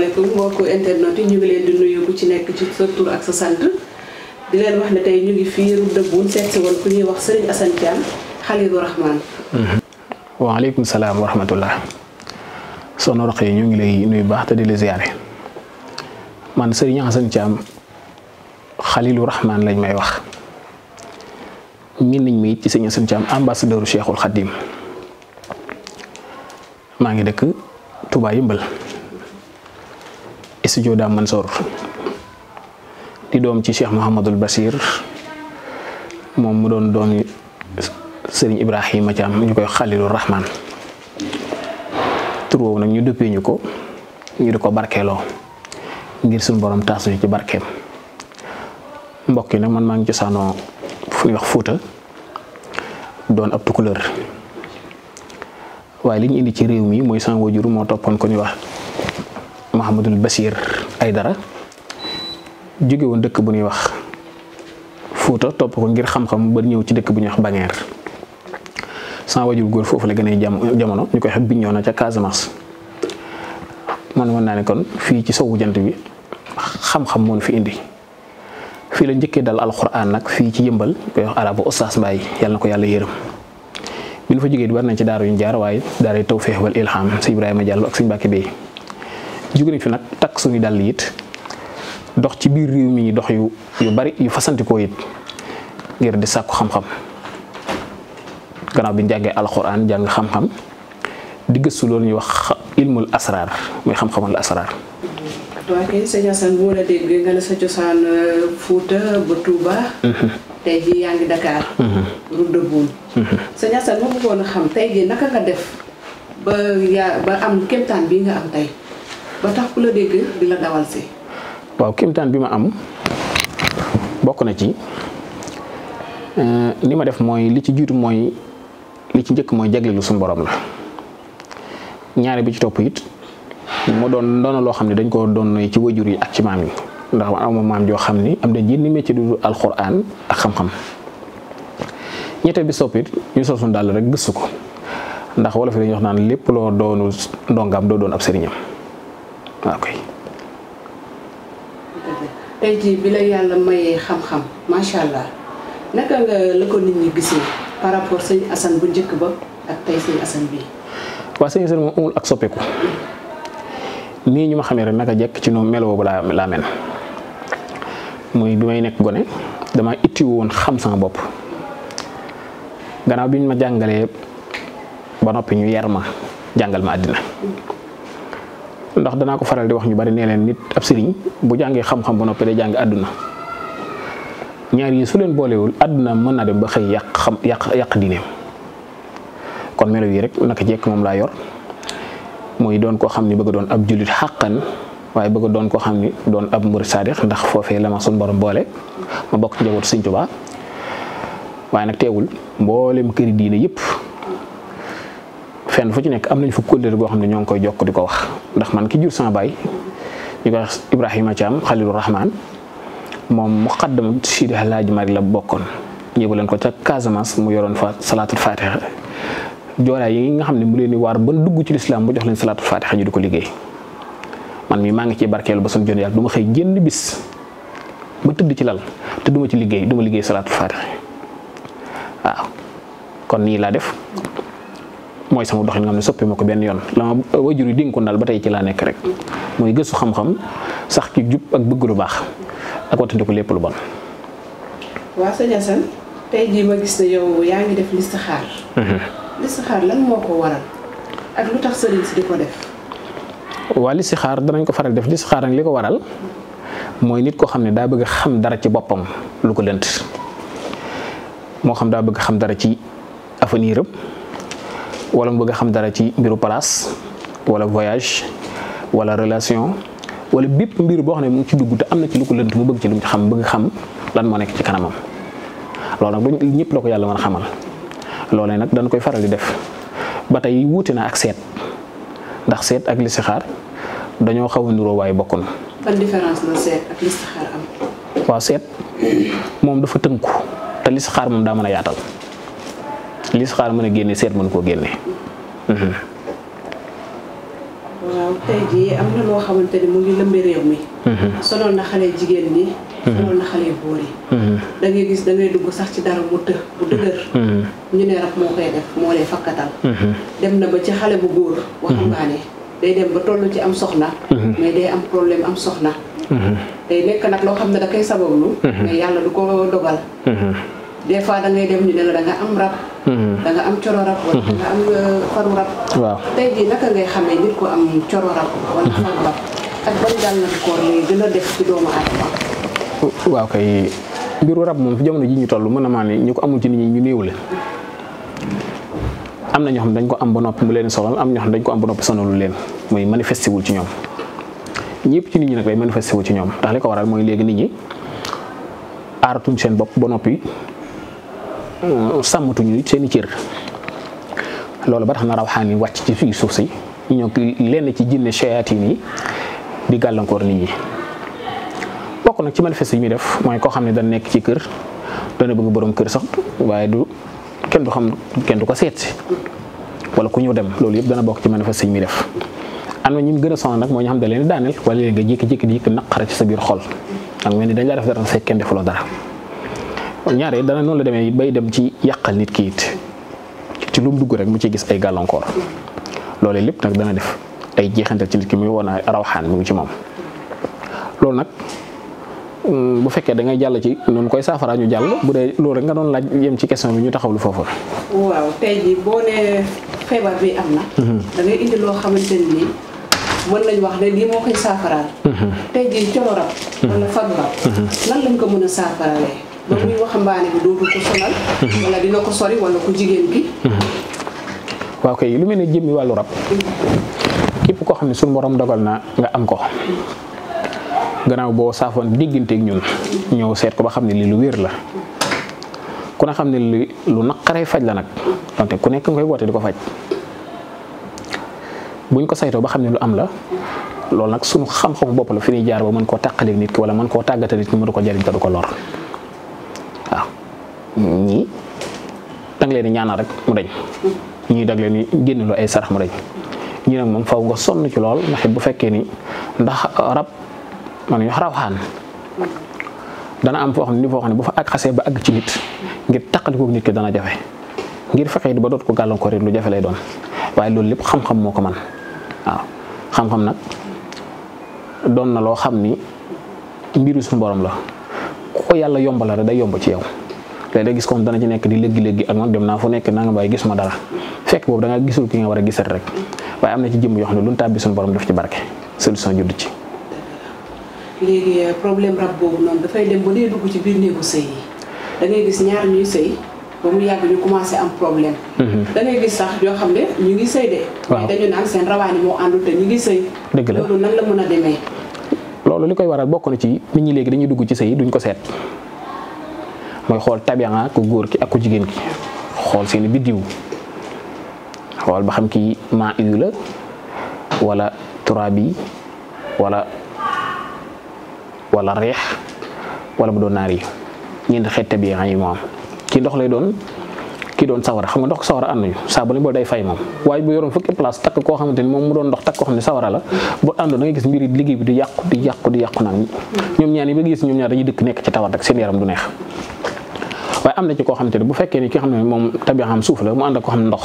asalaamaaleykum mbokku internet yi ñu ngi leen di nuyu ku ci nekk ci sa tur ak sa sant di leen wax ne tey ñu ngi fii dëbbuun seet si woon ku ñuy wax Serigne Assane Thiam Xalilu mhm. salaam wa rahmatullah soxna Roqe ñu ngi lay baax te di la ziare man Serigne Assane Thiam lañ may wax. ñun nañ mi ci Serigne Assane Thiam ambassadeur Cheikhul Khadim maa ngi dëkk Touba Yëmbal. studio Dame Mansour di dom ci Cheikh Basir mom mu don doomi Serigne Ibrahim Thiam ñu koy Rahman tur nak ñu duppee ñuko ñu diko ko ngir suñu borom taasu ci barkeem mbokk nak man ma ngi sano fu wax Fuuta don ap way liñ indi ci réew mi moy ko ñu wax mahamudun Basir dara jogé won dëkk bu ñuy wax Foto top ko ngir xam-xam ba ñew ci dëkk bu ñuy wax Bangeer sama wajur góor fofu la jam jamono ñu xam biñ ñona ca Casamance man mën naa kon fi ci sowu jant bi xam-xam moon fi indi fi la ñëkke dal alquran nak fi ci yëmbal koy wax arabu Oustaz Mbaye yalla nako ko yërem yërëm bi ñu fa jogé di war nañ ci daaru ñu jaar tawfiq wal ilham si Ibrahima Diallo ak sëñ Bey jóge fi nak tak suñu dal it dox ci biir rew mi dox yu yu bari yu ko it ngir di sakku xam-xam ganaw biñu ñu jàngee alxuraan jàng xam-xam di gëstu loolu ñu wax ilmul asrar muy xam-xamul asrar waaw kay sëñ nga sa euh, ba Touba. Mhm. Dakar. Mhm. route de Boune. sëñ mhm. Assane ma bëggoon a xam tey naka nga def ba ya ba am kéemtaan bii nga am tey. ba tax ku waaw kéemtaan bi ma am bokk na ci eh, li ma def mooy li ci jiitu mooy li ci njëkk mooy jagleelu suñu borom la ñaare bi ci topp it moo doon doona loo xam ne dañ koo doon ci wajur yi ak ci maam yi ndax amuma maam joo xam ni am na jenn métier du alxuraan ak xam-xam ñetteel bi soppit ñu sol suñu dàll rek gëstu ko ndax wolof yi dañuy wax naan lépp loo doonu ndongam doo doon ab sëriñam waaw ah, kay. tey jii bi la yàlla mayee xam-xam macha allah naka nga la ko nit ñi gisee par rapport sëñ Assane bu njëkk ba ak tey sëñ Assane bii. waaw sëñ Assane moom amul ak soppeeku nii ñu ma xamee rek naka jekk ci noonu meloo boobu laa laa mel muy bi may nekk gone dama itti woon xam sama bopp gannaaw bi ñu ma jàngalee ba noppi ñu yar ma jàngal ma àddina. ndax dana ko faral di wax ñu bari ne len nit ab serigne bu jangé xam-xam bu noppi day jang aduna ñaar yi su leen boolewul aduna mën dem ba xey xam diiné kon melo wi rek naka jek mom la yor moy doon ko xamni ni bëgg doon ab julit haqqan waye bëgg doon ko xamni ni doon ab mbër saadix ndax fofé la ma sun borom bolé ma bok ci njabootu serigne touba waye nak téwul mbolém kër diiné yépp fenn fu ci nek am nañ fu kóllëre goo xamne ñong koy jokk ko wax ndax man ki jur sama bay ñu Ibrahima Khalilur Rahman mom muqaddam Sidi Alaaji Mari la bokkon ñebulen ko ca Casamance mu yoron fa salatul fatiha jora yi nga xamne mu leen di waar ba dugg ci l'islam mu jox leen salatul fatiha ñu diko liggey man mi maa ngi ciy barkeelu ba sun jonne yàgg duma xey genn bis ba tëdd ci lal te duma ci liggey duma liggey salatul fatiha kon ni la def mooy sama doxin nga xam ne soppi ma ko benn yoon la ma wajur yi dénkoon daal ba tey ci laa nekk rek mooy gëstu xam-xam sax ci jub ak bëgg lu baax ak wattandiku lépp lu bon. waaw sëñ Assane tey jii ma gis ne yow yaa ngi def listixaar. Mhm. listixaar moo ko waral ak lu tax sëriñ si di ko def. waa listixaar danañ ko faral def listixaar nag li ko waral mooy nit koo xam ne daa bëgg xam dara ci boppam lu ko lënt moo xam daa bëgg xam dara ci afaniram wala mu bëgg a xam dara ci mbiru place wala voyage wala relation wala bépp mbir boo xam ne mu ci dugg te am na ci lu ko lënt mu bëgg ci lu mu ci xam xam lan moo nekk ci kanamam loolu nag du ñëpp la ko yàlla mën a xamal loolee nag dañ koy faral di def ba tey wuute na ak seet ndax seet ak listixaar dañoo xaw a niroo waaye bokkoon. ban seet waaw seet moom dafa tënku te xaar moom daa man a yaatal. listixaar mën a génne mëna mën koo génne. waaw tey jii am na lo xamante ni mu ngi lëmbe réew mi. sonal na xale jigéen mhm. ñi. sonal na xale góor yi. da ngay gis da ngay dugg sax ci dara mu të bu mhm. dëgër. ñu ne rab moo koy def moo lay fakkatal. Mhm. dem na ba ci xale bu góor. waxambaane day dem ba toll ci am soxna. mais day am problème am soxna. day nekk nag lo xam ne da koy sabablu. mais yàlla du ko dogal des fois da ngay dem ñu ne la da nga am rab. da nga am cioro rap da am far rap waaw tay jii naka ngay xamé nit ko am cioro rap wala far rap ak ban gàllankoor lay gën a def ci doomu adama waaw kay mbiru rap moom fi jamono ji ñu tollu mëna ma ni ne ñu ko amul ci nit ñi ñu néew am na ñoo xam dañ ko am ba nopi mu leen sonal am ñoo xam dañ ko am ba nopi sonalul leen moy manifesté wul ci ñoom ñepp ci nit ñi nak day manifesté wul ci ñoom tax li ko waral moy légui nit ñi aaratuñ seen bop ba nopi sàmmatuñu seen i cër loolu ba tax na rawxaan yi wàcc ci fii suuf si ñu lenn ci jinne shayatin yi di gàllankoor nit ñi. bokk nag ci manifeste yi ñuy def mooy koo xam ne dana nekk ci kër dana bëgg borom kër sax waaye du kenn du xam kenn du ko seet wala ku ñëw dem loolu yëpp dana bokk ci manifeste yi muy def. am na ñu gën a sonal nag moo ñu xam da leen daaneel wala léegi nga jékki-jékki naqara ci sa biir xol xam nga ni dañ laa def dara fekk kenn defuloo dara. kon ñaare dana noonu la demee bay dem ci yàqal nit ki it ci lu mu dugg rek mu ci gis ay gàllankoor loole lépp nag dana def ay jeexantal ci nit ki muy woon a rawxaan mu ci moom loolu nag mm, bu fekkee da ngay jàll ci noonu koy saafara ñu jàll bu dee loolu rek nga doon laaj yem ci question bi ñu taxawlu foofu. waaw tey jii boo nee feebar bi am na. Mhm. da ngay loo xamante ne nii mën nañu wax ne lii moo koy saafaraal. Mhm. tey jii colo rab. Mhm. wala fag rab. lañ ko mën a saafaraalee. ba muy waxambaane bi dootu ko sonal wala dina ko sori wala ko jigéen bi waaw kay lu mel ne jëmmi wàllu rab képp koo xam ne dogal na nga am ko gannaaw boo saafoon diggante ak ñun ñëw seet ko ba xam ne lii lu wér la ku ne xam li lu naqaree faj la donte ku nekk ko faj buñ ko saytoo ba xam lu am la loolu nag sunu xam-xamu bopp la fi jaar ba mën koo nit wala man koo tàggatale nit ki mu ko jariñ du ko lor ñii danga leen di ñaanal rek mu dañ ñii danga leen di ay sarax mu dañ ñii nag moom faw nga sonn ci lool ndax bu fekkee ni ndax rab man ñu rawaxaan dana am foo xam ne ni foo xam ne bu fa ba àgg ci nit ngir taqalikook nit ki dana jafe ngir fexe ba doot ko gàllankoor it lu jafe lay doon waaye loolu lépp xam-xam moo ko man waaw xam nag doon na loo xam ni mbiru suñu la ko yàlla yombala rek day yomb ci yow léegi da ya, gis ko dana ci nek di léegi-léegi ak man dem na fu nek na nga bay gis ma dara fek bobu da nga gisul ki nga wara a gisat rek waaye amna ci jëm yo xamne luñu tabbi sun borom daf ci barké solution jiddu ci legui problème rap bobu non da fay dem bo lay dugg ci bir néegu sey da ngay gis ñaar ñuy sey ba mu yag ñu commencé am problème da ngay gis sax yo xamne ñu ngi sey de waaye dañu naan sen rawani mo àndul te ñu ngi sey deug la lolu nan la mëna démé lolu likoy waral bokku na ci nit ñi legui dañuy dugg ci sey duñ ko sét moy xol tabian ah, ku gor ki ak ku jigen ki xool seeni biddiw xol ba xam ki ma iyu la wala turabi wala wala rih wala mu doon naar yi xet xeet tabian ah yi mom ki ndox lay don ki don sawara xam nga ndox sawara ànd nañu saabu lañ boo day fay mom way bu yoron fukki place tak ko xamanteni mom mu don ndox tak ko xamni sawara la bu ando da nga gis mbiri liggéey bi di yaq di yaq di yaq naan ñom ñaan yi ba gis ñom ñaar dañuy dëkk nekk ci tawar ak seen yaram du neex waaye am na ci koo xamante ne bu fekkee ni ki xam ne moom tabixam suuf la mu ànd ko xam ne ndox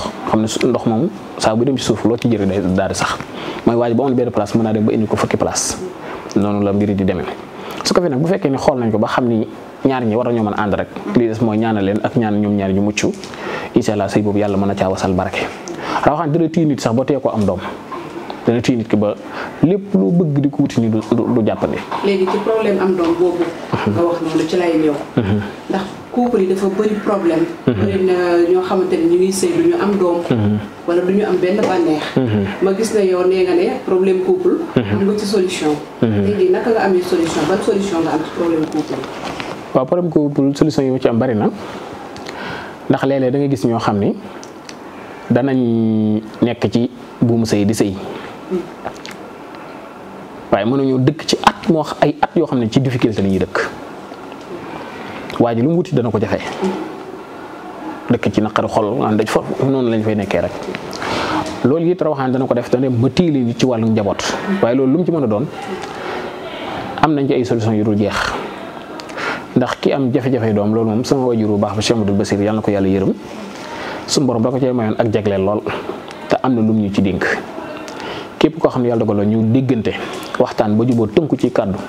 moom saa bu dem ci suuf loo ci jëri daal sax mooy waaj ba amoon benn place mën naa dem ba la mbiri di demee su ko fi ñaar ñi war a ñoo mën ànd rek mm-hmm. li des mooy ñaanal leen ak ñaan ñoom ñaar ñu mucc incha allah sëy boobu yàlla mën a caa wasal barke rawaxaan dana tii nit sax ba tee ko am doom dana tii nit ki ba lépp lu bëgg di ko wuti ni du jàppandi léegi ci problème am doom boobu mm-hmm. couple yi dafa bëri problème. Mhm. ñoo xamante ñu ngi sëy du ñu am doom. Mhm. wala du ñu am benn bànneex. Mhm. ma gis na yow nee nga ne problème couple. am nga ci solution. tey naka nga amee solution ban solution nga am ci problème couple. waaw problème couple solution yi ci am bëri na ndax léeg-léeg gis ñoo xam ni danañ nekk ci buum sëy di sëy. Mm. waaye mënuñu dëkk ci at moo ay at yoo xam ne ci difficulté la ñuy dëkk. waji lu wuti dana ko jaxé dëkk ci nakar xol nan daj fa non lañ fay nekké rek yi taw xane dana ko def tane ma tiili ci walu njabot waye loolu lu mu ci mëna doon am nañ ci ay solution yu dul jeex ndax ki am jafé jafé doom loolu mom sama wajur bu baax ba Cheikh Amadou Basir yalla na ko yàlla yërëm sun borom da ko cee mayoon ak jagleel lool ta am na lum ñu ci dink képp ko xamni yalla dogal ñu déggante waxtaan ba jubo tunk ci kaddu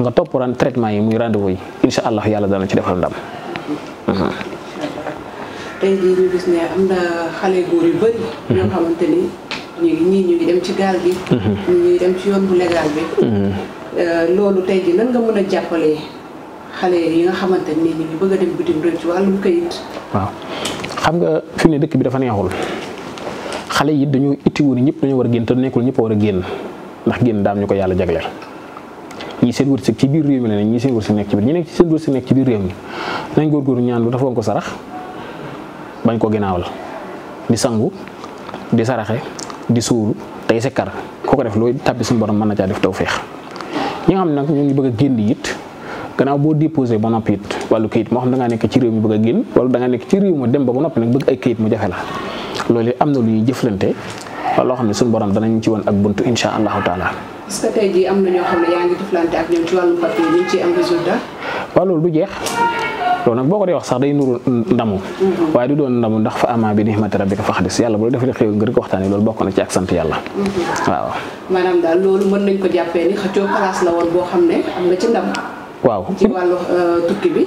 nga top ran traitement yi muy rendez-vous yi inshallah yalla dana ci defal ndam. tay di ñu gis ne am na xalé goor yu bari ñoo mhm. xamanteni ni ñu ngi ñii ñu ngi dem ci gal bi mhm. ñu ngi dem ci yoon bu légal bi. Mhm. euh lolu tay di lan nga mëna jappalé xalé yi nga xamanteni ni ñu ngi bëgg dem bitim réew ci wàllum këyit. waaw xam nga fi ne dëkk bi dafa neexul xalé yi dañu itti woon ñëpp dañu wara gënte génn te nekkul ñëpp war a ndax gën daam ñuko yalla yàlla ñi seen wërsëg ci biir réew mi lañ ñi seen wërsëg nekk ci biir ñi nekk ci seen wërsëg nekk ci biir réew mi nañ gor gor ñaan lu dafa ko sarax bañ ko gënaawal di sangu di saraxé di suul tay sikkar koo ko def loy tabbi suñu borom mën na caa def tawféex ñi nga xam nak ñu ngi bëgg a génn it gannaaw boo déposé ba noppi walu wàllu kayit moo xam da nga nekk ci réew mi bëgg gën walu da nga nekk ci réew mu dem ba ba noppi nag bëgg ay kayit mu jaxé la loolu am na lu ñuy jëflante loo xam ne suñu borom danañ ci woon ak bunt incha allahu taala. est-ce am na ñoo xam ne yaa ngi jëflante ak ñoom ci wàllu jeex. loolu nag boo ko dee day nuru ndamu mm-hmm. waaye du doon ndamu ndax fa ama bi nihmati rabbika fa xadis yàlla bu la defalee xëy ngir ko waxtaanee bokk ak sant yàlla mm-hmm. waaw maanaam ko jàppee ni xëccoo place euh, tukki bi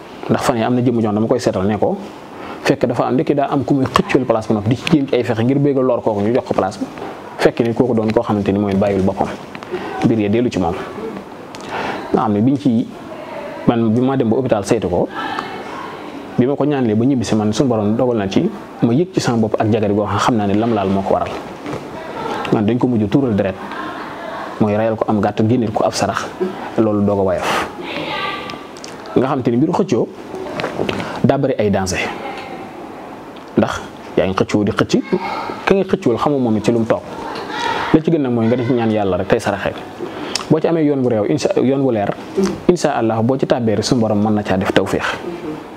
ndax fan yi am na jëmm jox dama koy seetal ne ko fekk dafa am ndekki daa am ku muy xëccul place bi nag di ci jéem ci ngir bëgg lor kooku ñu jox ko place bi fekk ni kooku doon koo xamante ni mooy bàyyil boppam mbir ya dellu ci moom. nga xam ne biñ ci man bi ma dem ba hôpital saytu ko bi ma ko ñaanlee ba ñibbi si man suñu dogal na ci ma yëg ci sama bopp ak jagari goo xam naa ne lam laal moo ko waral man dañ ko mujj tuural deret mooy rayal ko am gàtt génneel ko ab sarax loolu doog a nga xamanteni ni mbiru xëccoo daa bëri ay danger ndax ya ngi xëccoo di xëcc ka nga xëccool xamoo moom ci lum tok la ci gëna moy nga def ñaan yalla rek tay saraxé bo ci amé yoon bu réew incha yoon bu leer insha allah bo ci tabé rek sun borom mën na caa def tawfiq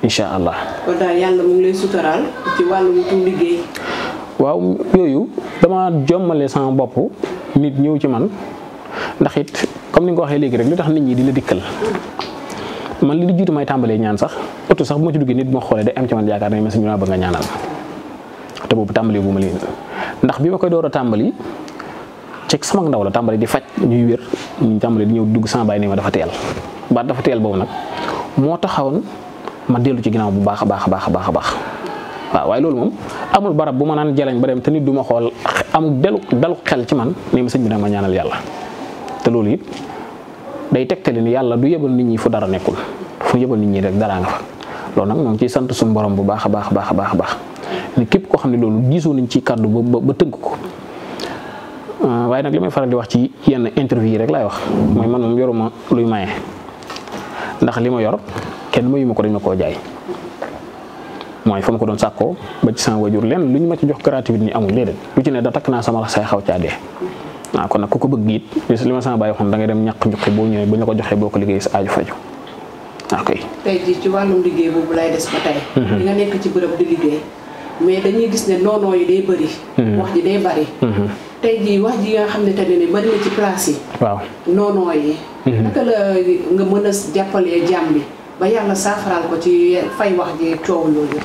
insha allah. ko da yalla mu ngi lay sutural ci wàllum tu liggéey. waaw yoyu dama jommale sama bop nit ñew ci man ndax it comme ni nga waxé légui rek lutax nit ñi di la dikkal man li di jiitu may tambale ñaan sax auto sax bu ma ci duggé nit bu xolé day am ci man yaakaar nañ ma sëñ bi ma tambali, nga ñaanal te tambali. tambali bu ma li ndax bima koy dooro tambali ci sama ndaw la tambali di fajj ñuy wër ñu tambali di ñew dugg sama bay ne ma dafa téel ba dafa téel boobu nak mo taxawon ma dellu ci ginaaw bu baaxa baaxa baaxa baaxa baax wa way lool mom amul barab bu ma naan jalañ ba dem te nit duma xol am delu dalu xel ci man ne ma sëñ dama ñaanal yalla te lool yi day tegtali ni yàlla du yebal nit ñi fu dara nekkul fu yebal nit ñi rek daraa nga fa loolu nag ñoo ngi ciy sant suñu borom bu baax baax a baax a baax a képp koo xam ne loolu gisoo nañ ci kàddu ba ba tënk ko euh, waaye nag li may faral di wax ci yenn interview yi rek laay wax mooy man moom yoruma luy maye ndax li ma yor kenn mayu ko dañ ma koo jaay mooy fa ma ko doon sàkkoo ba ci sama wajur lenn lu ñu ma ci jox gratuit ni amul léeg-léeg lu ci ne da takk naa sama say xaw caa waaw nah, kon nag ku bëgg it bis li ma sama bàyyi xam da ngay dem ñak ñuqi bo ñëw bu ñu la ko joxe boko ko liggéey sa aaju faju ok tay jii ci wàllum liggéey boobu lay dess ba tay nga nekk ci bërepp di liggéey mais dañuy gis né nono yi day bëri wax ji day bari tay ji wax ji nga xam ne tamit ne bëri na ci place yi waaw nono yi ya? mhm. naka la nga mëna ya, jappalé jàppalee bi ba yalla safaral ko ci fay wax ji coow gitu. yooyu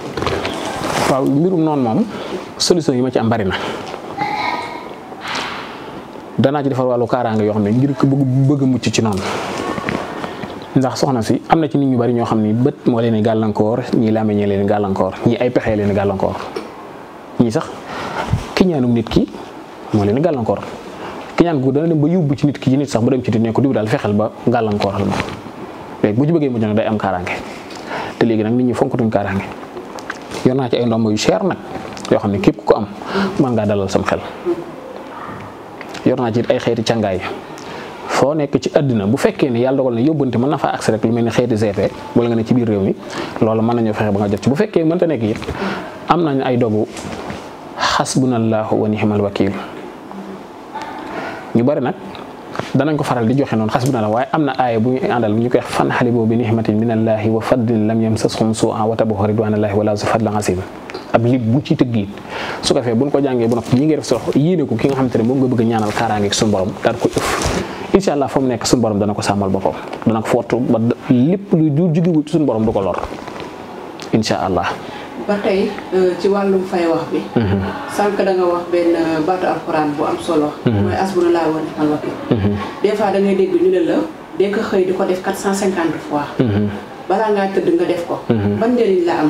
waaw mbirum non mom solution yi ma ci am bari na danaa ci defal walu karanga yo xamne ngir ko bëgg bëgg mucc ci non ndax soxna si amna ci nit ñu bari ño xam bëtt mo leen galankor ñi lamé ñi leen galankor ñi ay pexé leen galankor ñi sax ki ñaanum nit ki mo leen galankor ki ñaan gu da dem ba yóbbu ci nit ki nit sax bu dem ci di neeku di dal ba galankor la bu ci bëggee mu day am kaaraange te nak nit ñi tuñ yo na ci ay ndom yu cher nak yo ku am man nga dalal sam xel yor naa ci ay xeeti càngaay foo nekk ci àddina bu fekkee ne yàlla dogal na yóbbante mën na faa accès rek lu mel ni xeeti GP wala nga ne ci biir réew mi loolu mën nañoo fexe ba nga jot ci bu fekkee mënta nekk it am nañ ay dogu xasbunallahu wa ni'mal wakiil ñu bari nag danañ ko faral di joxe noonu xasbunallah waaye am na aaya bu ñu àndal bu ñu koy fan xali boobu bi nixmatin minallahi wa fadlin lam yamsashum su'an a tabahu ridwanallahi wala zu fadlan asim ab lim bu ci tëgg su ko fe buñ ko jàngee bu noppi lii ngay def sox loxo yéene ko ki nga xamantene mo nga bëgg ñaanal suñu borom ko inshallah allah nek mu suñu borom dana ko samal boppam dana ko fottu ba lepp lu du wu suñu borom du ko lor inshallah allah ba tay euh, ci wàllum fay wax bi mhm. sank da nga wax ben euh, baatu alquran bu am solo moy mhm. asbuna laa wa ni'mal wakil mhm. des fois da ngay dégg ñu ne la dee xey diko def 450 fois bala nga teud nga def ko ban la am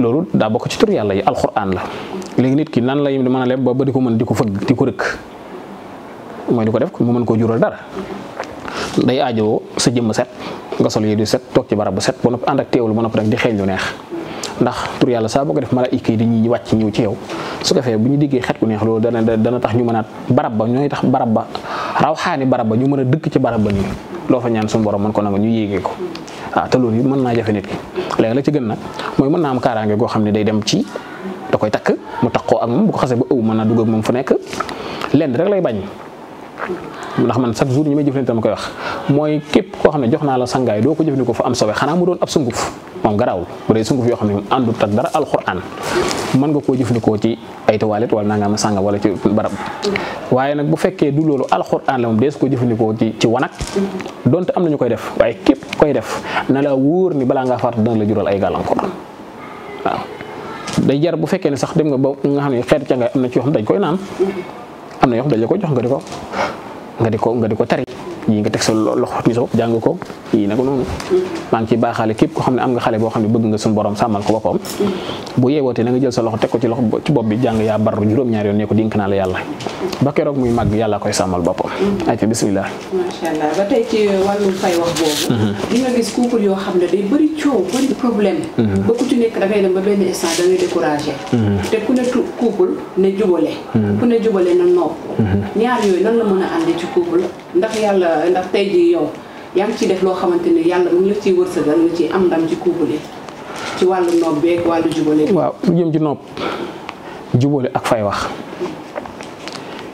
lolu da bok ci tur yalla yi alquran la léegi nit ki nan lay mën a leb ba ba di ko mën di ko fëgg di ko rëkk mooy ko def mu mën jural dara day aajo sa jëm set nga sol yi du set tok ci barab set ba andak teewul ba noppi di xeeñ lu neex ndax tur yalla sa bok def mala malaayika di ñi wacc ñew ci yow su ko fe bu ñu xet lu neex lolu dana dana tax ñu mën barab ba ñoy tax barab ba raw barab ba ñu mëna dëkk ci barab ba ñu lo fa ñaan sun borom mën ko nga ñu yéegee ko waaw ah, te loolu yi mën naa jafe nit ki léegi la ci gën nag mooy mën na am kaaraange goo xam ne day dem ci da koy takk mu takkoo ak moom bu ko xasee ba ëw mën naa dugg ak moom fu nekk lenn rek lay bañ mun nax man chaque jour ñi may jëflante dama koy wax mooy képp koo xam ne jox naa la sangaay doo ko jëfandikoo fa am sobe xanaa mu doon ab sunguf moom garaawul bu sunguf yoo xam ne moom àndut ak dara alxuraan mën nga koo jëfandikoo ci ay toilette wala nangam sànga wala ci barab waaye nag bu fekkee du loolu alxuraan la moom dees ko jëfandikoo ci ci wanag donte am nañu koy def waaye képp koy def na la wóor ni balaa ngaa faatu dana la jural ay gàllankoor waaw day jar bu fekkee ne sax dem nga ba nga xam ne xeet ca am na ci yoo xam dañ koy naan am na yoo xam dañ koy jox nga di ko nga di ko nga di ko tari yii nga teg sa loxo miso jàng ko yii naka noonu maa ngi ci baaxaale képp koo xam ne am nga xale boo xam ne bëgg nga suñu borom sàmmal ko boppam bu yeewootee na nga jël sa loxo teg ko ci loxo ci bopp bi jàng yaa bar juróom-ñaari yoon ne ba keroog muy màgg yàlla koy sàmmal boppam mm-hmm. ay ca bisimilah macha allah ba tey ci wàllum fay mm-hmm. yoo xam ne day bëri jubale mm-hmm. ku ñaar yooyu nan la mën a àndi ci couple ndax yàlla ndax tey jii yow yaa ngi ciy def loo xamante ni yàlla mu ngi ci ciy am ndam ci couple yi ci wàllu nopp beeg wàllu jubale. waaw lu jëm ci nopp jubale ak fay wax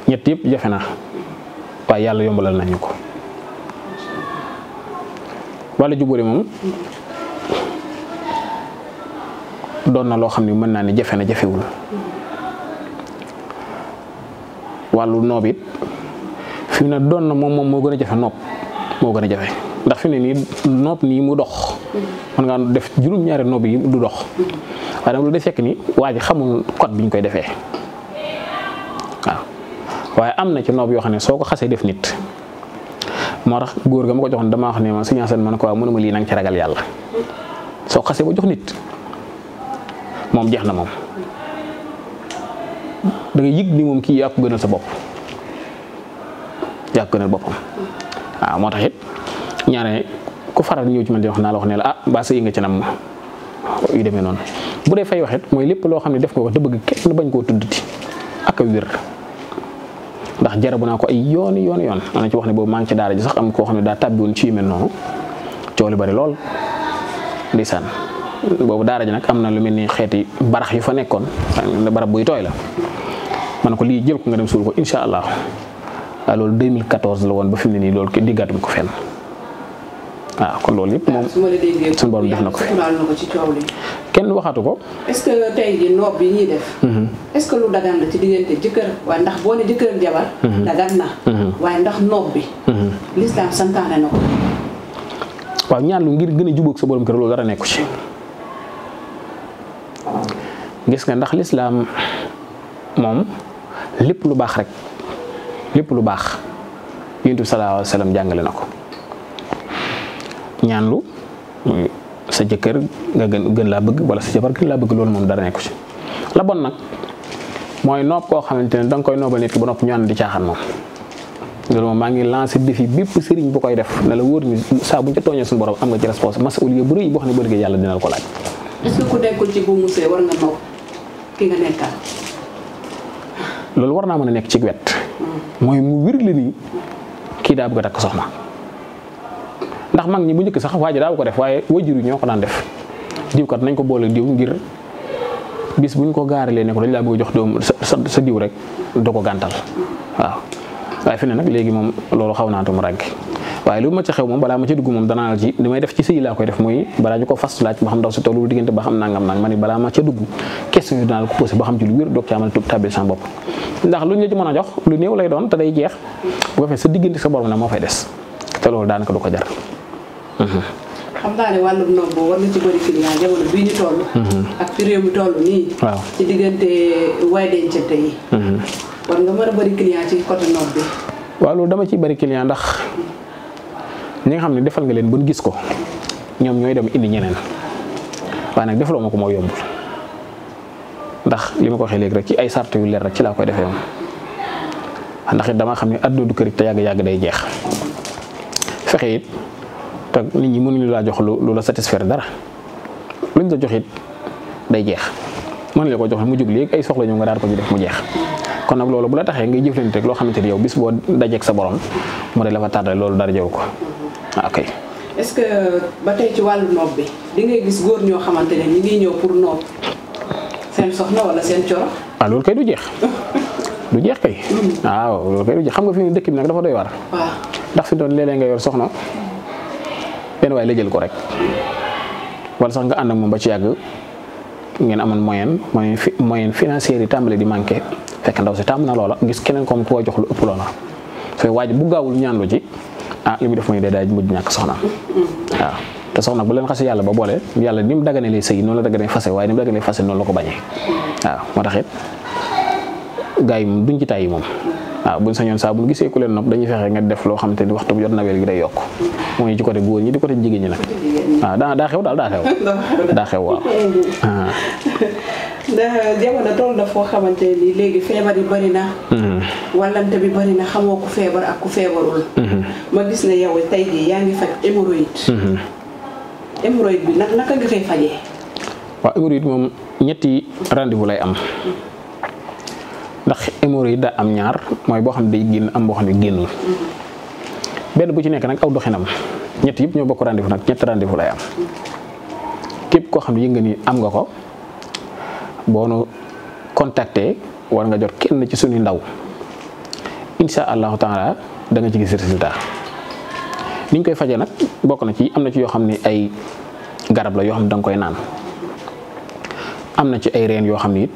ñett yëpp jafe na waaye yàlla yombalal nañu ko wàllu jubale moom doon na loo xam ne mën naa ne jafe na jafewul wàllu noob it fina don na mom mom mo gëna jafé nop mo gëna jafé ndax fi ni nop ni mu dox man nga def juróom-ñaari nop yi du dox wa dama lu def fekk ni waji xamul code biñ koy defé wa waaye am na ci nop yo xam soko xasse def nit mo tax goor ga mako ko dama damaa wax ma seigne assane man ko waaw mënuma li nang ci ragal yalla so xasse ba jox nit mom jeex na moom da nga yëg ni mom ki yap gënal sa bop jàkkanal boppam ah moo tax it ñaare ku faral di ci man di wax naa la wax ne la ah mbaa sëy nga ci nam yu demee noonu bu dee fay waxit mooy lépp loo xam def nga ko te bëgg kenn bañ koo tuddati ak a ndax jarabu naa ko ay yooni yooni yoon ana ci wax ne boobu maa ngi ci daara ji sax am koo xam ne daa tàbbi woon ci yu mel noonu li bari lool ndeysaan boobu daara ji nag am lu mel ni barax yu fa nekkoon barab buy tooy la man ko lii jël ko nga dem suul ko incha Ah, loolu 2014 la woon ba fi mu ne nii loolu diggaat ko fenn ah, kon loolu yëpp moom. su ma na ko fi waxatu ko. est-ce que tey ngir gën a jubóog sa borom kër loolu dara nekku ci. gis nga ndax lislaam moom lépp lu baax rek lepp lu bax yentou sallallahu alaihi wasallam jangale nako ñaan lu sa jëkër nga gën la bëgg wala sa jëfar gën la bëgg lool mom dara nekku ci la bon nak moy nopp ko xamantene dang koy nobal nit ki nopp ñaan di caaxaan mom lool mom ma ngi lancé défi bépp sëriñ bu koy def na la wóor ni sa bu ci toñe sun borom am nga ci response masuliya bu rëy boo xam ne boo dina ko laaj. est-ce ku nekk ci bu musse war nga nopp ki nga nekkal. lool war na mëna nekk ci wette mooy mu wir la nii kii daa bëgg dakk takk soxna ndax mag ñi bu njëkk sax waa ji daa ko def waaye waajur yi ñoo ko daan def diw kat nañ ko boole diw ngir bis buñ ko gaaralee ne ko dañ laa bëgg jox doom sa diw rek da ko gàntal waaw waaye fi ne nag léegi moom loolu xaw naa tum ràgg waaye lu ma ci xew moom balaa ma ci dugg moom danaa la ci li may def ci sëy laa koy def mooy balaa ñu ko fas laaj ba xam ndaw si tollu lu wér doog la ci a jox lu néew lay doon te day jeex bu ko fee sa diggante sa borom na moo ko jar xam naa ne wàllum nombre war na ci bëri client jamono bii ñu toll. Mhm. ak fi réew mi toll nii. waaw ci diggante waay dencante yi. Mhm. war nga mën a bëri client ci côté nombre bi. waaw loolu dama ciy bëri client ndax ñi nga xam ne defal nga leen ba gis ko ñoom ñooy dem indi ñeneen waaye nag defaloo ma ko mooy yombul ndax li ma ko waxee léegi rek ci ay sart yu leer rek ci laa koy defee moom ndax xam ne àdduna du kër te yàgg yàgg day jeex fexe it te nit ñi mënuñu laa jox lu la satisfaire dara luñ la jox it day jeex mën la ko jox mu jub léegi ay soxla ñëw nga daal ko ñu def mu jeex. kon nag loolu bu la taxee ngay jëflante rek loo xamante ni yow bis boo dajeeg sa borom mu de la fa tardé loolu dara jaru ko. Ah, okay. est-ce que batay ci walu noob di ngay gis goor ño xamantene ne ñi ngi ñew pour noob seen soxna wala seen coro ah lool kay du jeex du jeex kay hmm. waaw lool kay du jeex xam nga fi ne dëkk bi nag dafa doy war waaw ndax fi doon lélé nga yor soxna ben way la jël ko rek wala sax nga and ak mom ba ci yag ngeen amone moyen moyen moyen financier yi tambalé di manké fekk ndaw ci tàmm na gis kenen comme ko jox lu ëpp loola fay waji bu gaawul ñaan lu ci ah li muy def mooy day daal mujj ñàkk soxna bu leen xasee yàlla ba boole yàlla ni mu daganee lay sëy noonu la daganee fase waaye ni mu daganee fase noonu la ko bañee waaw moo tax gaa yi moom duñ ci tàyyi moom waaw buñ sañoon saa buñ gisee ku leen nopp dañuy fexe nga def loo xam te ni waxtu bu jot naweel gi day yokk mooy ci côté góor ñi di côté jigéen ñi nag waaw daa xew daal daa xew waaw ndax jamono toll na foo xamante ni léegi feebar yi bari na mhm. wàllante bi bari na xamoo ku ak ku feebarul mhm. ma gis ne yow tey jii yaa ngi faj hémorroïde mhm. bi nag naka nga koy fajee waaw hémorroïde ñetti rendez-vous lay am ndax da am ñaar mooy boo xam day génn am boo xam bu ci aw doxinam ñoo bokk rendez-vous rendez-vous lay am ni am nga ko boo nu contacter war nga jot kenn ci suñuy ndaw incha allahu taala da nga ci gis résultat ni koy fajee nag bokk na ci am na ci yoo xam ne ay garab la yoo xam ne da koy naan am na ci ay reen yoo xam ne it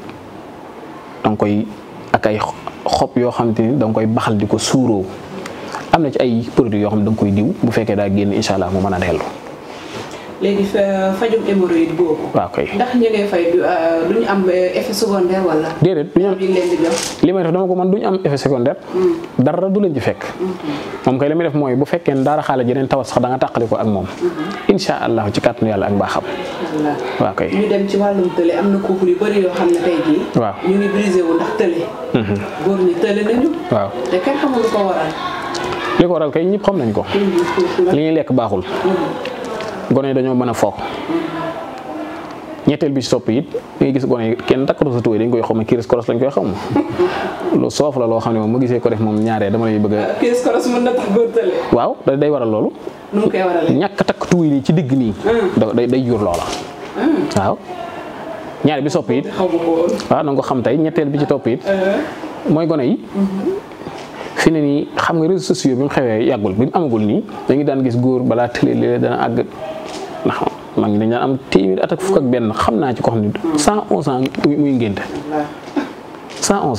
koy akay ay xob yoo xam te ni koy baxal di ko suuroo am na ci ay produits yoo xam ne koy diw bu fekkee daa génn incha allah mu mën a dellu léegi fajum hémorroïde boobu. Ah, ndax ñu lay fay euh, am euh, effet secondaire li may def dama ko man du am effet secondaire. Mm. dara du leen ci fekk. Mm-hmm. moom kay li muy def mooy bu fekkee ne daara xaale jeneen tawat sax da nga tàqali ko ak moom. Mm-hmm. incha allah ci kàttanu yàlla ak baaxam. waaw kay ñu dem ci wàllum tële am na couple yu bëri yoo xam ne tey jii. waaw ñu ngi brisé wu ndax tële. Mm-hmm. góor ñi tële nañu. waaw te kenn xamul ko waral. li ko waral kay ñëpp xam nañ ko. li lekk baaxul. gone yi dañoo mën a foog ñetteel bi ci topp it ngay gone yi kenn takk sa tuwee dañ koy xam kiris koros lañ koy xam ne moom ma gisee ko def moom ñaaree dama a. Ah, kiris koros mën na tax takk tuwee nii ci digg nii. Ah. day day jur loola. Ah. waaw ñaareel bi ci topp it. waaw na xam tey ñetteel bi ci topp it. mooy gone yi. Mm-hmm. fi ne nii xam nga réseaux sociaux bi mu xewee yàggul bi mu amagul nii dañu daan gis góor balaa tële dana àgg. ndax mag am téeméer at ak fukk ak benn xam naa ci ko xam ne cent onze ans muy ngénte cent waaw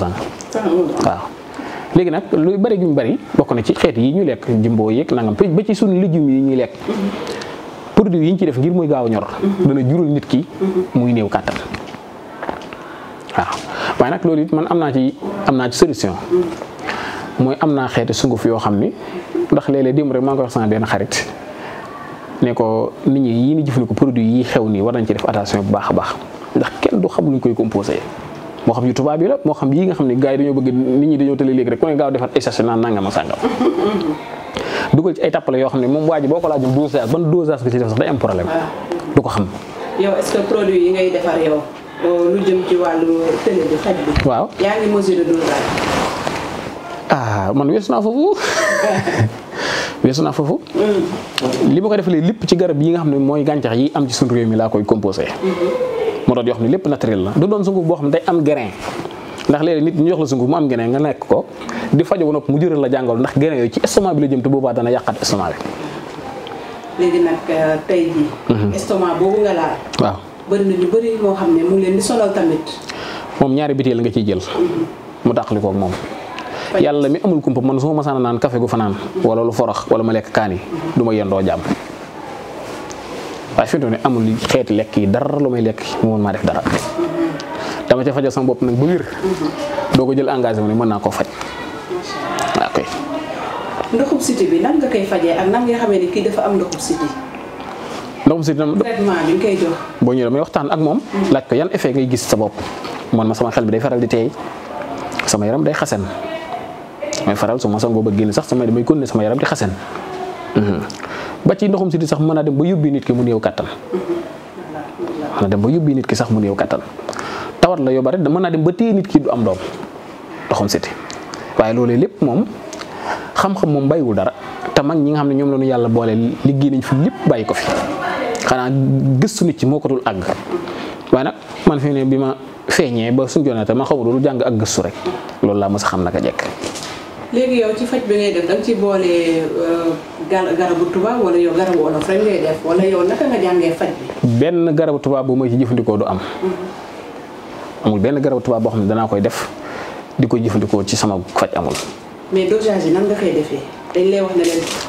léegi nag luy bari gi bari bokk na ci xeet yi ñu lekk jimbo yeeg nangam ba ci suñu légumes yi ñuy lekk produit yi ñu ci def ngir muy gaaw ñor dana juróom nit ki muy néew kàttan waaw waaye nag loolu it man am naa ci am naa ci solution mooy am naa xeeti sunguf yoo xam ni ndax léeg-léeg démb rek maa ngi ko wax benn xarit ne ko nit ñi yii ni jëfandikoo produit yi xew nii war nañ ci def attention bu baax a baax ndax kenn du xam luñ koy composé moo xam yu tubaab yi la moo xam yii nga xam ne gars yi dañoo bëgg nit ñi dañoo tële léegi rek ku ne gaaw defar yoo xam ne moom waa ji boo ko laajoon dosage ban dosage nga def sax day am problème ah. du ko xam. yow est-ce que produit yi ngay defar yow lu jëm ci wàllu tële xaj bi. waaw weesu naa foofu. li ma ko defalee lépp ci garab yi nga xam ne mooy gàncax yi am ci suñu mi laa koy composé. moo doon yoo xam ne lépp naturel la du doon sunguf boo xam ne day am grain ndax léeg-léeg nit ñu jox la am grain nga nekk ko di fajo ba nopp mu jëral la jàngal ndax grain yooyu ci estomac bi la jëm te boobaa dana yàqat estomac bi. léegi nag euh, tey jii. Mhm. estomac boobu nga laal. waaw bëri na ñu bëri moo xam ne mu ngi leen di sonal tamit. moom ñaari bitéel nga ciy jël. Mhm. mu tàqali koog moom yalla mi amul kumpa man suma sana nan kafe gu fanan wala lu forax wala ma lek kani duma yendo jam jàmm fitone amul xet lek yi dara lu may lek mo won ma def dara dama ca fajal sama bop nak bu wir doo jël engagement ni man nako koo faj waaw kay. ndoxum city bi nan nga kay fajee ak nan nga xamé ni ki dafa am ndoxum city ndoxum siti tam. traitement bi nga koy jox. boo ñëwee damay waxtaan ak moom. laaj ko yan effet ngay gis sa bopp man ma sama xel bi day faral di teey sama yaram day xasan may faral suma sango ba genn sax sama damay konne sama yaram di hmm ba ci ndoxum sidi sax mën dem ba yubbi nit ki mu néew katal mën dem ba yubbi nit ki sax mu néew katal tawat la yóbbaare mën naa dem ba tey nit ki du am doom ndoxum sidi waye lolé lepp mom xam-xam mom bayiwul dara te mag ñi nga xam ñom lañu yalla bolé yàlla boole liggéey nañ fi lépp bàyyi fi xana gëstu nit ci moko dul ag waye nak man fi ne bima ma ba suñ jonate ma xaw lu jang ak gëstu rek loolu la ma sa xam naka jek léegi yow ci faj bi ngay def da ci boole euh, garabu tubaab wala yow garabu wolof rek ngay def benn garabu tubaab bu ma ci jëfandikoo du am. Mm-hmm. amul benn garabu tubaab boo xam ne danaa koy def di ko jëfandikoo ci sama faj amul. mais dosage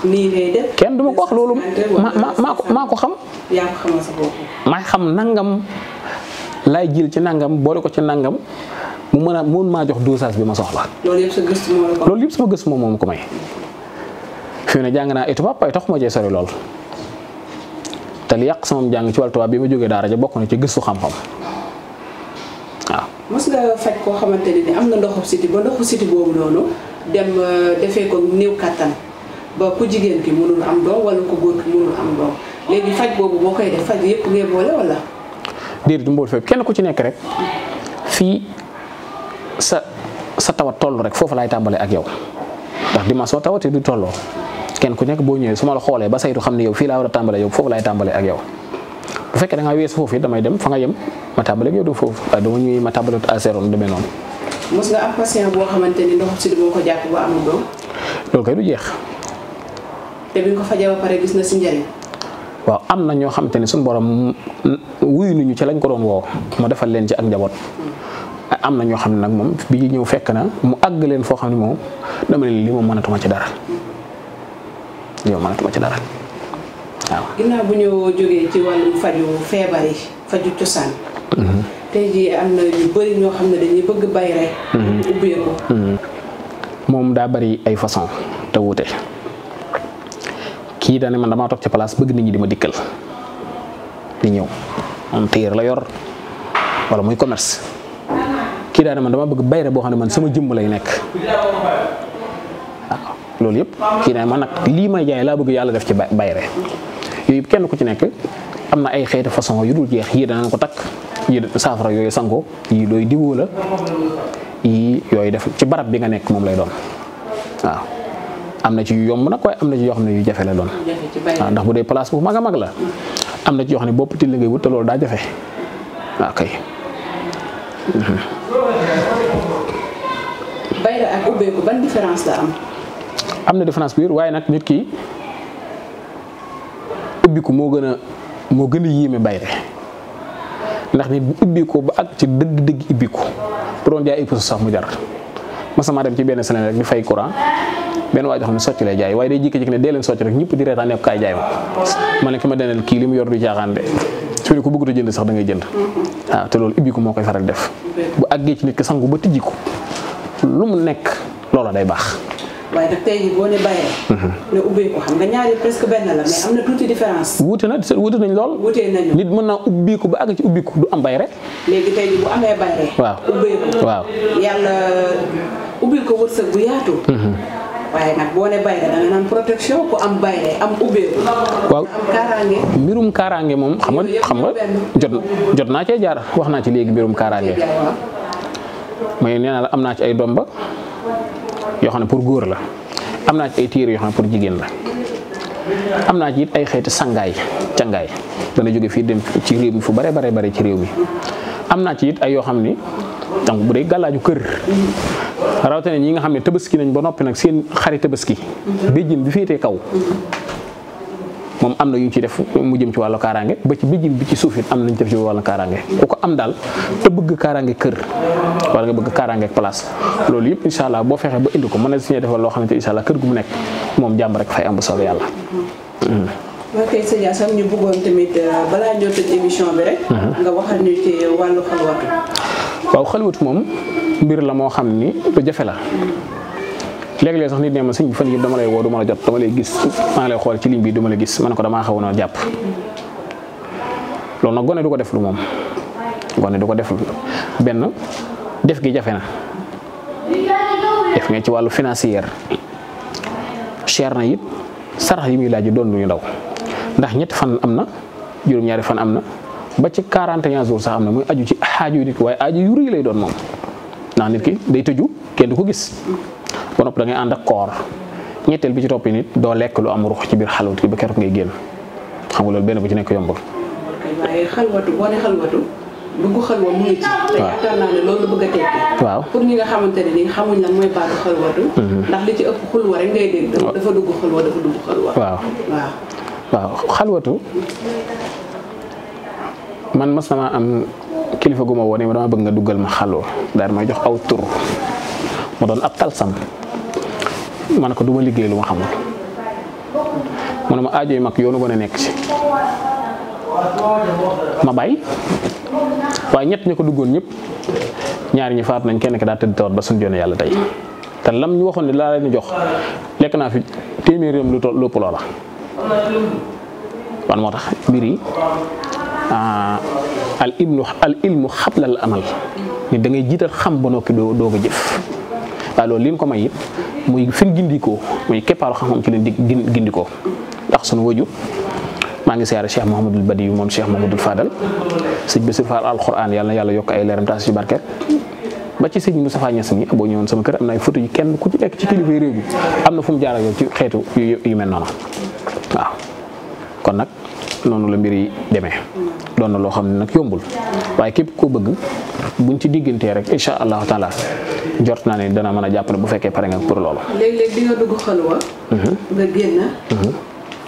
yi kenn du ko wax loolu ma ma maa ko xam. yaa xam nangam laay jël ci nangam boole ko ci nangam. mën a mën maa jox dosage bi ma soxla. lolou yëpp sa gëstu mo lolou ko. sa yëpp sama gëstu moom moom ko may. fii ne jàng naa étude papa yi taxuma cee sori lool te li yàq sama jàng ci wàllu tubaab bi ma jógee daara ja bokku na ci gëstu xam-xam wa mos nga fajj ko xamanteni ni amna na ndoxu siti ba ndoxu city bobu nonu dem euh, defee ko new katan ba ku jigen ki mënul am do wala ku goor ki mënul am do léegi fajj bobu bokay def fajj yëpp ngey bolé wala. dir du mbool fepp kenn ku ci nek rek fi sa sa taw tollu rek fofu lay tambalé ak yow ndax dimension tawat yi du tollo kenn ku nek bo ñëw suma la xolé ba saytu xamni yow fi la wara tambalé yow fofu lay tambalé ak yow bu fekkee da nga weesu fofu damaay dem fa nga yëm ma tambalé ak yow du fofu da dama ñuy ma tambalé à zéro lu mé non mus nga am patient bo xamanteni ndox ci dama ko jàpp bu amul doom. lool kay du jeex. té bi ko fajee ba paré gis na ci njëriñ. waaw am na ñoo xamante borom wuyu nañu ci lañ ko doon wo mu defal leen ci ak njabot am na ñoo xam ne nag bi ñew fekk na mu ag leen fo xam mom dama leen li moom mënatuma ci dara yow mënatuma ci dara waaw. ginnaaw bu ñu jógee ci walu faju feebar yi faju cosaan. Mhm. tay ji am na ñu bari ñoo xamne dañuy bëgg bay rek. Mhm. ubbeeku. mom mhm. da bari ay façon te wuté ki da ne man dama tok ci place bëgg nit ñi dima dikkel dikkal di ñëw moom téer la yor wala muy commerce ki daana man dama bëgg bayra bo xamne man sama jëm lay nekk ah, lool yëpp ki daane man nak li ma jaay la bëgg yalla def ci bayre yoy yëpp kenn ku ci nekk amna ay xeeti façon yu dul jeex yii danañ ko tak yi safara yoy sango yi doy diwoo la yi yoy def ci barab bi nga nekk mom lay doon waaw amna ci yu yomb nak way amna ci yo xamne yu jafé la doon ndax bu dee place bu maga mag la amna ci yo xamne bop bopp til la ngay wut te loolu daa jafe waaw kay bayra ak ubbeeku ban différence la am. am na différence biir waaye nag nit ki ubbiku moo gën a moo gën a yéeme bayre ndax nit bu ubbiku ba ak ci dëgg-dëgg ubbiku bu doon jaay ubbiku sax mu jar ma sama dem ci benn semaine rek di fay courant. benn waa joo xam ne socc lay jaay waaye day jékki-jékki ne dee leen socc rek ñëpp di reetaan nekk kaay jaay ma ma ne ki ma deneel kii li mu yor di jaaxaan de su ne ku bëggut jënd sax da ngay jënd waaw mm-hmm. ah, te loolu ibbi moo koy faral def bu àggee ci nit ki ba tijji ko lu mu nekk loola day baax. waaye nag tey jii boo ne bayee. Mhm. ne ubbee ko xam nga ñaari presque benn la mais am na tuuti différence. wuute na nañ lool. wuute nit mën naa ubbi ko ba àgg ci ubbi ko du am bay rek. léegi tey jii bu amee bay rek. waaw yàlla ubbi ko wërsëg bu yaatu. Mhm. waaye nag boo ne bay da nga naan protection ku am bay am ubbeeku. waaw mbirum kaaraange moom xam nga xam nga jot jot naa cee jaar wax naa ci léegi mbirum kaaraange. may nee naa la am naa ci ay domb yoo xam ne pour góor la am naa ci ay téere yoo pour jigéen la am naa ci ay xeeti sangaay cangaay dana jóge fii dem ci réew mi fu bare bare bare ci réew mi am naa ci it ay yoo xam ni donc bu dee gallaaju kër rawatina ñi nga xam ne tabaski nañ ba noppi nag seen xari tabaski béjjin bi féetee kaw moom am na yu ñu ci def mu jëm ci wàllu kaaraange ba ci bijj bi ci suuf it am def ci wàllu kaaraange ko am daal te bëgg kaaraange kër wala nga bëgg place loolu yëpp allah boo ba indi ko defal allah kër gu mu nekk moom jàmm rek fay am bu soobee yàlla waaw hmm. kay sëñ ñu bëggoon tamit euh, balaa ñoo émission bi rek. Hmm. nga waxal ñu ci xalwatu. waaw xalwatu mbir la la. léeg-léeg sax nit ne ma sëñ fan yi dama lay woo du dama lay gis xool ci bi du ma la gis ma ko damaa xawoon a jàpp loolu nag gone du ko def lu moom gone du ko def lu benn def gi jafe na def nga ci wàllu financière chair na it sarax yi muy laaj doon lu ñu ndaw ndax ñetti fan am na juróom-ñaari fan am na ba ci 41 jours sax am na muy aju ci xaaju nit ki waaye aju yu lay doon moom ndax nit ki day tëju kenn du ko gis ba noppi da ngay ya, and ak koor ñettel bi ci topi nit do lek lu am ruh ci bir xalwat gi ba keroog ngay génn xam nga lool benn bu ci nekk yombul. waaye xalwatu boo ne xalwatu dugg xalwa mu ngi ci. waaw te yaakaar naa ne loolu bëgg tekki. waaw pour ñi nga xamanteni ne nii xamuñ lan mooy baatu xalwatu. ndax li ci ëpp xulwa rek ngay dégg. dafa dugg xalwa dafa dugg xalwa. waaw waaw. waaw xalwatu man mas na am kilifa guma ma dama bëgg nga duggal ma xalwa daal ma jox aw tour mo doon ab talsam. ma ne ko du ma liggéey lu ma xamul mu ma aajo yi mag yoonu gën a nekk ci ma bàyyi waaye ñett ñu ko duggoon ñëpp ñaari ñu faat nañ kenn ki daa tëdd tawat ba suñ joone yàlla tey te lam ñu waxoon ne laa leen jox lekk naa fi téeméeram lu toll wan moo tax mbir yi ah, al ilmu al ilmu xablal amal ni jiital xam ba noppi doo doo ko jëf waaye loolu li ñu ko may it muy fi ñu gindikoo muy keppaaru xam-xam ci leen di gindikoo ndax sunu waju maa ngi siyaare Cheikh Mouhamadul Badi moom Cheikh Mouhamadul Fadal sëñ Bassirou Fall alxuraan yàlla na yàlla yokk ay leeram taas ci barket ba ci mu Moustapha Niass mi boo ñëwoon sama kër am na ay photo yi kenn ku ci nekk ci kilifa réew bi am na fu mu jaar ak ci xeetu yu mel noonu waaw kon nag noonu la mbir yi demee. doon lo xamni nak yombul waaye kep ko bëgg buñ ci digënté rek insha allah taala jort na né dana mëna jappal bu féké paré nga pour lool léeg-léeg di nga dugg xalwa. Mhm. nga génn. Mhm.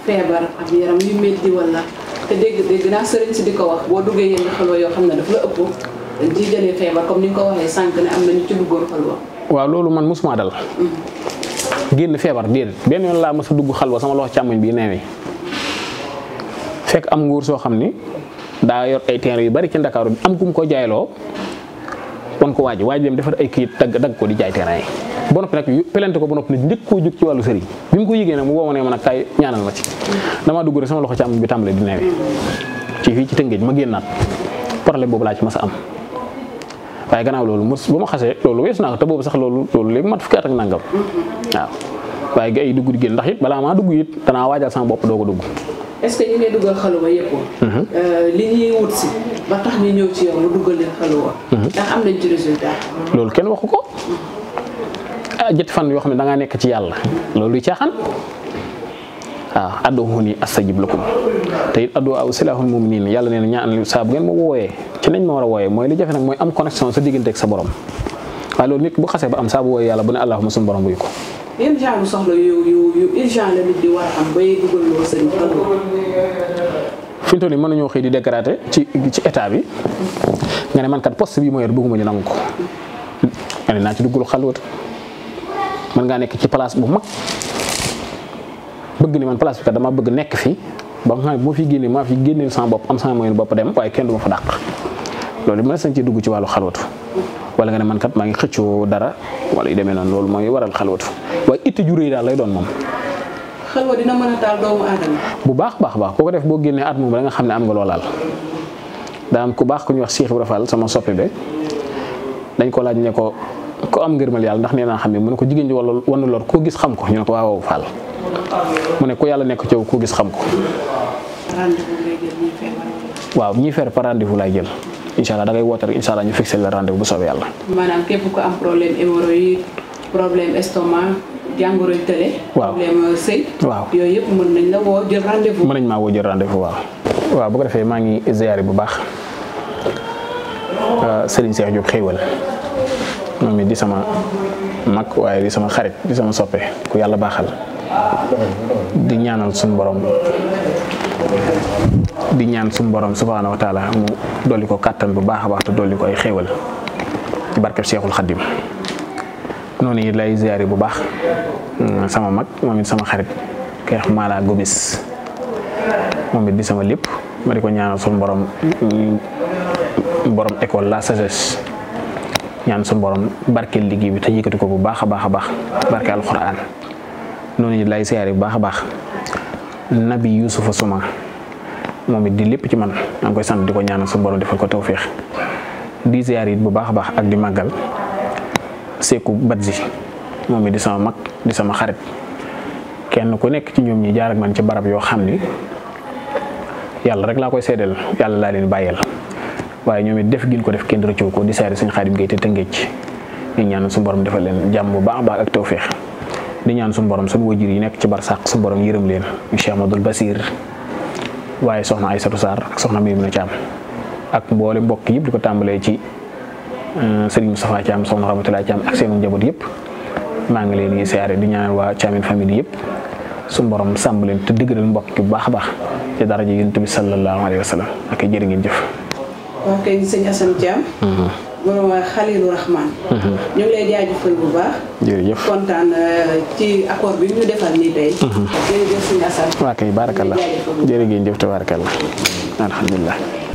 feebar ab yaram yu métti wala te dégg dégg na sëriñ ci diko wax bo duggé yeen xalwa yo xamna daf la ëpp di jëlé jëlee comme ni nga ko waxee sànq ne am na ñu ci duggoon xalwa. wa loolu man musuma dal. Mhm. génn feebar déedéet benn yoon la mësa dugg xalwa sama loxo chamuñ bi néwé fek am nguur so xamni da yor ay terrain yu bari ci Dakar am kum ko jaylo bon ko waji waji dem defar ay tag dag ko di jay terrain yi nak noppi pelante ko ba noppi ne ko juk ci walu seri bim ko yige nag mu wone ma ne ñaanal ma ci dama dugg re sama loxo ci am bi tambale di neewee ci fi ci tëngéej ma gennat problème bobu la ci massa am waye gannaaw lolu mos ma te bobu sax lolu lolu li mat ak nangam waaw waye gay dugg di gel ndax it bala ma dugg it dana wajal sama bop dogo dugg est-ce que ñi mhm. euh, mhm. loolu kenn waxu ko ah jët fan yoo xam ne da nekk ci yàlla loolu caaxaan waaw ah, ad'uuni astajib lakum te it adduwaa aw silaahul muminin yàlla nee na ñaan saa bu ngeen ma wooyee ci nañ ma war a wooyee mooy li jafe nag mooy am connexion sa digganteek sa borom waaye loolu nit bu xasee ba am saa bu yàlla bu ne allahuma suñu buy ko. yan nit di war a am bay dugal loo mën nañoo xëy di décréter ci ci bi nga ne man kat poste bii ma yor bëgguma naa ci duggul xalwat mën ngaa nekk ci place bu mag bëgg ni man place bi kat dama bëgg nekk fi ba nga xam fi génnee maa fi génneel sama bopp am sama moyen bopp dem waaye kenn du fa dàq loolu mën na sañ ci dugg ci wàllu xalwatu wala nga ne man kat ma ngi xëccu dara wala yu demee non lool moy waral xalwat wa itti ju rëy daal lay doon mom xalwa dina mëna a taal doomu adam bu baax baax baax ko ko def bo génnee at mom da nga xamné am nga loolal da am ku baax ku ñu wax Cheikh Ibra sama soppé be dañ ko laaj ne ko ko am ngeermal yalla ndax nee naa xam mu ne ko jigéen ji wala wanu lor ko gis xam ko ñu ko waaw Fall mu ne ko yalla nekk ci ko gis xam ko waaw ñi fer par rendez-vous lay jël incha allah da ngay woote rek incha allah ñu fixé la rendez bu soobee yàlla. maanaam képp ku am problème hémorroïde problème estomac jàngoro tële. waaw problème euh, sëy. waaw yooyu yëpp mën nañ la woo jël rendez-vous. waaw. waaw bu defee maa ngi ziare bu baax euh, Serigne Cheikh Diop xéewal moom it di sama mag waaye di sama xarit di sama soppe ku yàlla baaxal di ñaanal suñu borom. di ñaan suñu borom subhaanahu wa taala mu dolli ko kàttan bu baax a baax te dolli ko ay xéewal ci barkeb Seexul Xaddim noonu it lay ziyaare bu baax mm, sama mag moom sama xarit kay wax Mala Gomis sama lépp ma di ko ñaanal borom mm, borom école la sagesse ñaan suñu borom barkeel liggéey bi te yëkkati ko bu baax a baax a baax barke alxuraan noonu it lay ziyaare bu baax a baax nabi Yuusufa Suma momit di lepp ci man nang koy sante di ñaanal suñu borom defal ko tawfiq di ziar bu baax baax ak di magal seku Badji momit di sama mak di sama xarit kenn ku nek ci ñoom ñi jaar ak man ci barab yo xamni yalla rek la koy sédel yalla la leen bayel waye ñoom def giñ ko def kenn ci ko di ziar suñu Xaadim Géey te Tëngéej di ñaanal borom defal leen jamm bu baax baax ak tawfiq di ñaan suñu borom suñu wajir yi nek ci sax suñu borom yërem leen Cheikh Amadou Basir waye soxna Aysatu sar ak soxna Maymuna cham ak mbolé mbokk yëpp diko tambalé ci euh serigne Moustapha cham soxna Ramatulaay cham ak seenu njaboot yépp ma ngi leen di siyaare di ñaan wa chamin famille yépp su mborom sàmm leen te diggalal mbokk bu baax a baax ci daraaje Yonent bi sallallahu alayhi wasallam ak jërë jëf. ok seigne Assane cham hmm Xalilu euh, Rahman. Mhm. ñu ngi lay jaajëfal bu baax. jërëjëf kontaan euh, ci accord bi ñu defal nii tey. Mhm. jërëjëf si Ndiassane. waaw kay baarakallah jërëjëf tabaarakallah alhamdulilah.